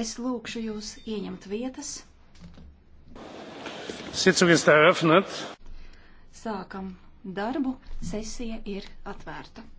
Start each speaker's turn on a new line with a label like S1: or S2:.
S1: Es lūkšu jūs ieņemt vietas.
S2: Sitzung ist eröffnet.
S1: Sākam darbu, sesija ir atvērta.